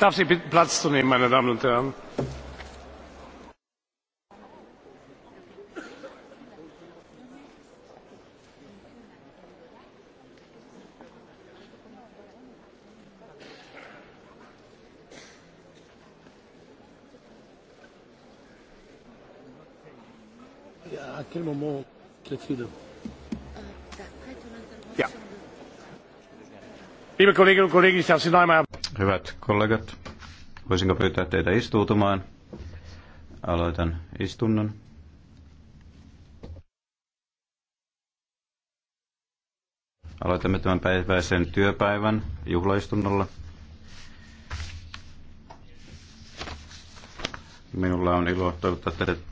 darf sie bitten platz zu nehmen meine damen und herren! à quel moment clotilde? liebe kolleginnen und kollegen ich darf sie noch einmal herzlich willkommen heißen. Hyvät kollegat, voisinko pyytää teitä istuutumaan? Aloitan istunnon. Aloitamme tämän päiväisen työpäivän juhlaistunnolla. Minulla on ilo toivottaa teidät